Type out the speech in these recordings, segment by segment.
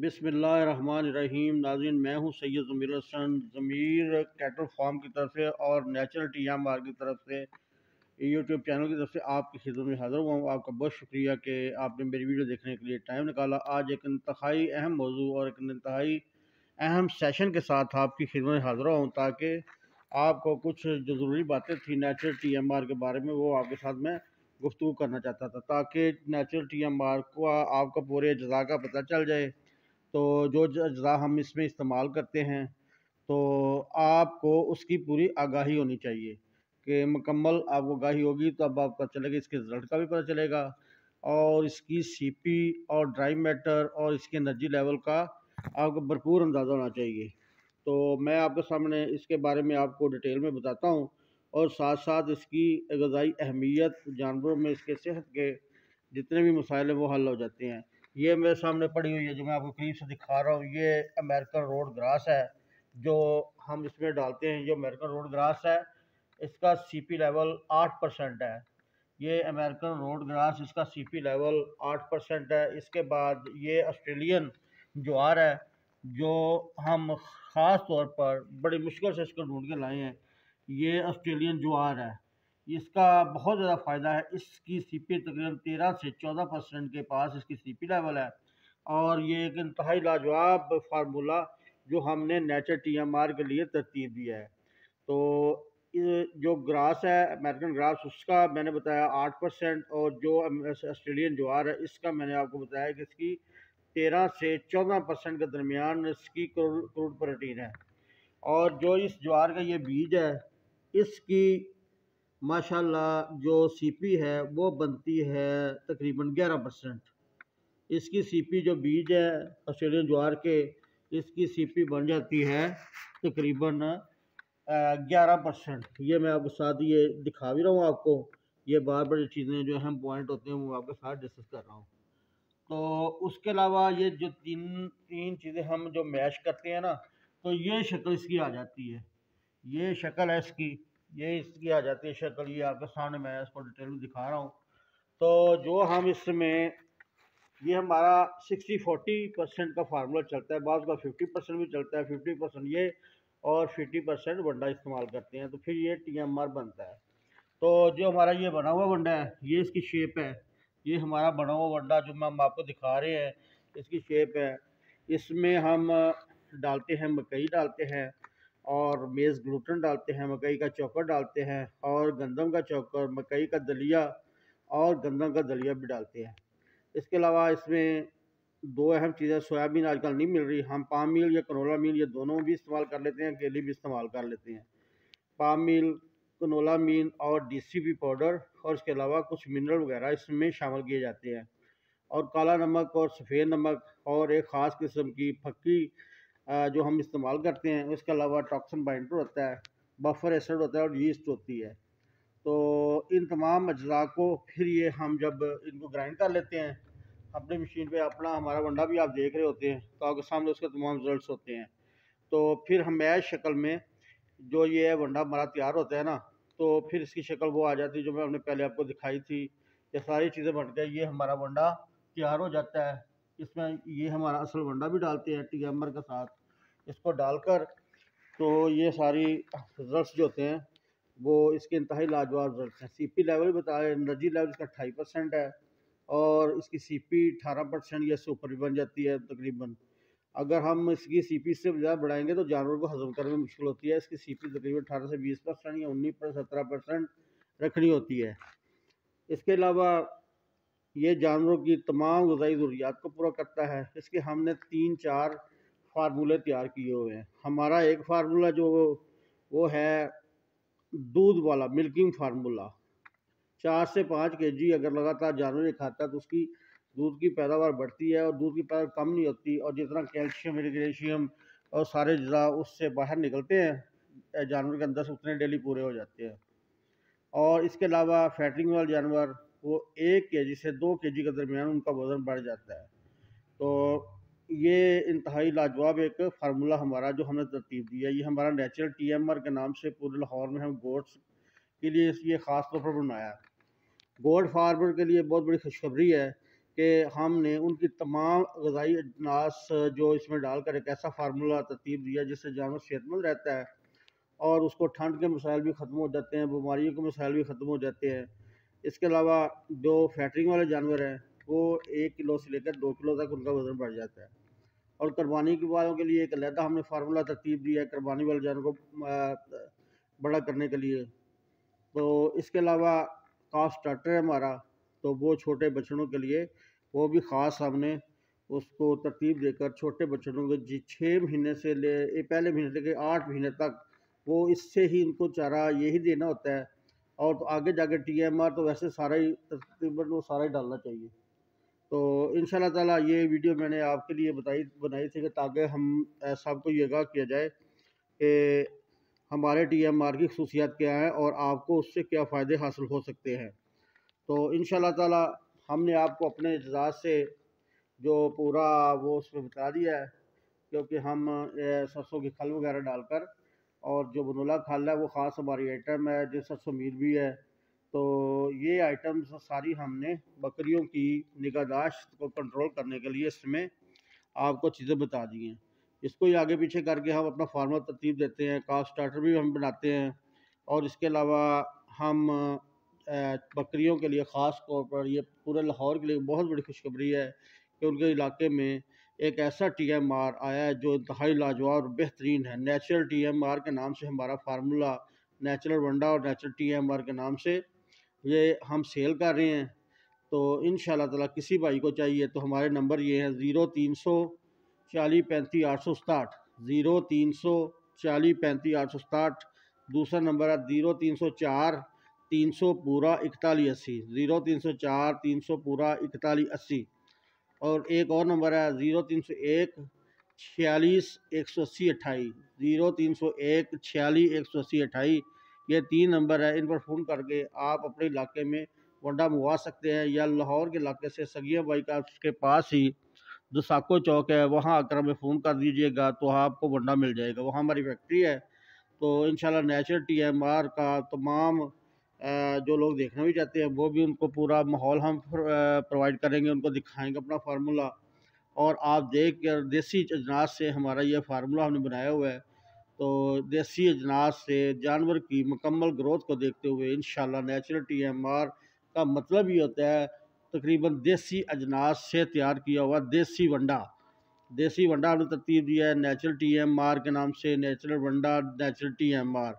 बिसमीम नाजिन मैं हूँ सैयद ज़मीर हसन ज़मीर कैटल फार्म की तरफ से और नेचुरल टी एम आर की तरफ से यूट्यूब चैनल की तरफ से आपकी खिदमत में हाज़िर हुआ हूँ आपका बहुत शुक्रिया कि आपने मेरी वीडियो देखने के लिए टाइम निकाला आज एक इंतहाई अहम मौजू और एक इंतहाई अहम सेशन के साथ आपकी खिदमत में हाजिर हूँ ताकि आपको कुछ जो ज़रूरी बातें थी नेचुरल टी एम आर के बारे में वो आपके साथ मैं गुफ्तु करना चाहता था ताकि नेचुरल टी एम आर को आपका पूरे जजाका का पता चल जाए तो जो अज्जा हम इसमें इस्तेमाल करते हैं तो आपको उसकी पूरी आगाही होनी चाहिए कि मुकम्मल आपको आगाही होगी तो तब आपका चलेगा इसके रिज़ल्ट का भी पता चलेगा और इसकी सीपी और ड्राई मैटर और इसके एनर्जी लेवल का आपको भरपूर अंदाज़ा होना चाहिए तो मैं आपके सामने इसके बारे में आपको डिटेल में बताता हूँ और साथ साथ इसकी गज़ाई अहमियत जानवरों में इसके सेहत के जितने भी मसाइल हैं वो हल हो जाते हैं ये मेरे सामने पड़ी हुई है जो मैं आपको करीब से दिखा रहा हूँ ये अमेरिकन रोड ग्रास है जो हम इसमें डालते हैं ये अमेरिकन रोड ग्रास है इसका सीपी लेवल आठ परसेंट है ये अमेरिकन रोड ग्रास इसका सीपी लेवल आठ परसेंट है इसके बाद ये ऑस्ट्रेलियन ज्वार है जो हम ख़ास तौर पर बड़ी मुश्किल से इसको ढूंढ के लाए हैं ये ऑस्ट्रेलियन ज्वार है इसका बहुत ज़्यादा फ़ायदा है इसकी सी पी तकरीबन तेरह से चौदह परसेंट के पास इसकी सी पी लेवल है और ये एक इंतहाई लाजवाब फार्मूला जो हमने नेचर टी एम आर के लिए तरतीब दिया है तो जो ग्रास है अमेरिकन ग्रास उसका मैंने बताया आठ परसेंट और जो ऑस्ट्रेलियन ज्वार है इसका मैंने आपको बताया कि इसकी तेरह से चौदह परसेंट के दरमियान इसकी क्रूड प्रोटीन है और जो इस ज्वार का ये बीज है इसकी माशाल्लाह जो सीपी है वो बनती है तकरीबन ग्यारह परसेंट इसकी सीपी जो बीज है ऑस्ट्रेलियन ज्वार के इसकी सीपी बन जाती है तकरीबन ग्यारह परसेंट ये मैं आपके साथ ये दिखा भी रहा हूँ आपको ये बार बार चीज़ें जो अहम पॉइंट होते हैं वो आपके साथ डिस्कस कर रहा हूँ तो उसके अलावा ये जो तीन तीन चीज़ें हम जो मैश करते हैं ना तो ये शक्ल इसकी आ जाती है ये शक्ल है इसकी ये इसकी आ जाती है शक्ल ये आपके सामने मैं इसको डिटेल में दिखा रहा हूँ तो जो हम इसमें ये हमारा सिक्सटी फोर्टी परसेंट का फार्मूला चलता है बाद का फिफ्टी परसेंट भी चलता है फिफ्टी परसेंट ये और फिफ्टी परसेंट वंडा इस्तेमाल करते हैं तो फिर ये टी एम आर बनता है तो जो हमारा ये बना हुआ वंडा है ये इसकी शेप है ये हमारा बना हुआ वंडा जो हम आपको दिखा रहे हैं इसकी शेप है इसमें हम डालते हैं मकई डालते हैं और मेज़ ग्लूटन डालते हैं मकई का चौकर डालते हैं और गंदम का चौकर मकई का दलिया और गंदम का दलिया भी डालते हैं इसके अलावा इसमें दो अहम चीज़ें सोयाबीन आजकल नहीं मिल रही हम पाम मील या कनोला मील ये दोनों भी इस्तेमाल कर लेते हैं केली भी इस्तेमाल कर लेते हैं पाम मील कनोला मील और डीसीपी पाउडर और इसके अलावा कुछ मिनरल वगैरह इसमें शामिल किए जाते हैं और काला नमक और सफ़ेद नमक और एक ख़ास किस्म की फक्की जो हम इस्तेमाल करते हैं उसके अलावा टॉक्सन बाइंडर होता है बफर एसड होता है और यीस्ट होती है तो इन तमाम अज्जा को फिर ये हम जब इनको ग्राइंड कर लेते हैं अपने मशीन पे अपना हमारा वंडा भी आप देख रहे होते हैं तो आपके सामने उसके तमाम रिजल्ट होते हैं तो फिर हम मैश शक्ल में जो ये वंडा हमारा तैयार होता है ना तो फिर इसकी शक्ल वो आ जाती है जो मैं हमने पहले आपको दिखाई थी ये सारी चीज़ें बन गई ये हमारा वंडा तैयार हो जाता है इसमें ये हमारा असल वंडा भी डालते हैं टी एमर के साथ इसको डालकर तो ये सारी रिजल्ट जो होते हैं वो इसके इंतहाई लाजवाब रिजल्ट हैं सी पी लेवल बताया एनर्जी लेवल इसका अट्ठाई परसेंट है और इसकी सी पी अठारह परसेंट या सुपर बन जाती है तकरीबन अगर हम इसकी सी पी से ज़्यादा बढ़ाएंगे तो जानवर को हजम करने में मुश्किल होती है इसकी सी पी तकरीबन अठारह से बीस परसेंट या उन्नीस पर सत्रह परसेंट रखनी होती है इसके अलावा ये जानवरों की तमाम गजाई ज़रूरियात को पूरा करता है इसके हमने तीन चार फार्मूले तैयार किए हुए हैं हमारा एक फार्मूला जो वो है दूध वाला मिल्किंग फार्मूला चार से पाँच के जी अगर लगातार जानवर ये खाता है तो उसकी दूध की पैदावार बढ़ती है और दूध की पैदावार कम नहीं होती और जितना कैल्शियम मैग्नीशियम और सारे जरा उससे बाहर निकलते हैं जानवर के अंदर से उतने डेली पूरे हो जाते हैं और इसके अलावा फैटरिंग वाले जानवर वो एक के जी से दो के जी के दरमियान उनका वज़न बढ़ जाता है तो ये इंतहाई लाजवाब एक फार्मूला हमारा जो हमने तरतीब दिया ये हमारा नेचुरल टी एम आर के नाम से पूरे लाहौर में हम गोड्स के लिए ये ख़ास तौर पर बनाया गोड फार्मर के लिए बहुत बड़ी खुशखबरी है कि हमने उनकी तमाम गजाई अजनास जो इसमें डालकर एक ऐसा फार्मूला तरतीब दिया जिससे जानवर सेहतमंद रहता है और उसको ठंड के मसाइल भी ख़त्म हो जाते हैं बीमारियों के मसाइल भी ख़त्म हो जाते हैं इसके अलावा जो फैटरिंग वाले जानवर हैं वो एक किलो से लेकर दो किलो तक उनका वज़न बढ़ जाता है और कुरबानी के वालों के लिए एक अलहदा हमने फार्मूला तरतीब दिया है कुरबानी वाले जानवर को बड़ा करने के लिए तो इसके अलावा काफ स्टार्टर है हमारा तो वो छोटे बछड़ों के लिए वो भी ख़ास हमने उसको तरतीब देकर छोटे बछड़ों को जी छः महीने से ले पहले महीने लेकर आठ महीने तक वो इससे ही इनको चारा यही देना होता है और तो आगे जाके टी एम आर तो वैसे सारा ही तकरीबन वो सारा ही डालना चाहिए तो इन ताला ये वीडियो मैंने आपके लिए बताई बनाई थी कि ताकि हम सबको ये आगाह किया जाए कि हमारे टी एम आर की खसूसियात क्या हैं और आपको उससे क्या फ़ायदे हासिल हो सकते हैं तो इन ताला हमने आपको अपने एजाज से जो पूरा वो उसमें बता दिया है क्योंकि हम सरसों की खल वगैरह डालकर और जो बनोला खाल है वो ख़ास हमारी आइटम है जैसा समीर भी है तो ये आइटम्स सारी हमने बकरियों की निगहदाश्त को कंट्रोल करने के लिए इसमें आपको चीज़ें बता दी हैं इसको ही आगे पीछे करके हम अपना फार्मर तरतीब देते हैं कास्ट स्टार्टर भी हम बनाते हैं और इसके अलावा हम बकरियों के लिए ख़ास तौर पर ये पूरे लाहौर के लिए बहुत बड़ी खुशखबरी है कि उनके इलाके में एक ऐसा टी एम आर आया है जो इंतहाई लाजवाब और बेहतरीन है नेचुरल टी एम आर के नाम से हमारा फार्मूला नेचुरल वंडा और नेचुरल टी एम आर के नाम से ये हम सेल कर रहे हैं तो इन ताला किसी भाई को चाहिए तो हमारे नंबर ये हैं ज़ीरो तीन सौ चालीस पैंतीस आठ सौ सताहठ ज़ीरो तीन सौ चालीस पैंतीस आठ सौ सताहठ दूसरा नंबर है ज़ीरो तीन सौ चार तीन सौ पूरा इकतालीस अस्सी ज़ीरो तीन सौ चार तीन सौ पूरा इकतालीस अस्सी और एक और नंबर है ज़ीरो तीन सौ एक छियालीस एक सौ अस्सी अट्ठाई ज़ीरो तीन सौ एक छियालीस एक सौ अस्सी अट्ठाई ये तीन नंबर है इन पर फ़ोन करके आप अपने इलाके में वंडा मंगवा सकते हैं या लाहौर के इलाके से सगिया बाई का उसके पास ही जो साको चौक है वहाँ आकर हमें फ़ोन कर दीजिएगा तो आपको वंडा मिल जाएगा वहाँ हमारी फैक्ट्री है तो इन नेचर टी एम आर का तमाम जो लोग देखना भी चाहते हैं वो भी उनको पूरा माहौल हम प्रोवाइड करेंगे उनको दिखाएंगे अपना फार्मूला और आप देख कर देसी अजनास से हमारा ये फार्मूला हमने बनाया हुआ है तो देसी अजनास से जानवर की मुकम्मल ग्रोथ को देखते हुए इन नेचुरल टी एम आर का मतलब ये होता है तकरीबन देसी अजनास से तैयार किया हुआ देसी वंडा देसी वंडा हमने तरतीब दिया है नेचुरल टी एम आर के नाम से नेचुरल वंडा नेचुरल टी एम आर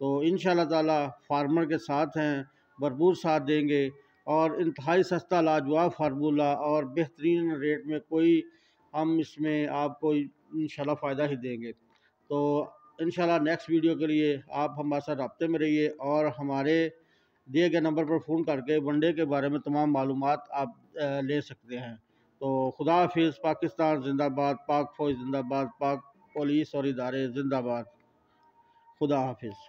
तो इन ताला फार्मर के साथ हैं भरपूर साथ देंगे और इंतहाई सस्ता लाजवाब फार्मूला और बेहतरीन रेट में कोई हम इसमें आपको इन फ़ायदा ही देंगे तो इन नेक्स्ट वीडियो के लिए आप हमारे साथ रबते में रहिए और हमारे दिए गए नंबर पर फ़ोन करके वनडे के बारे में तमाम मालूम आप ले सकते हैं तो खुदा हाफिज़ पाकिस्तान जिंदाबाद पाक फौज जिंदाबाद पाक पुलिस और इदारे जिंदाबाद खुदा हाफिज़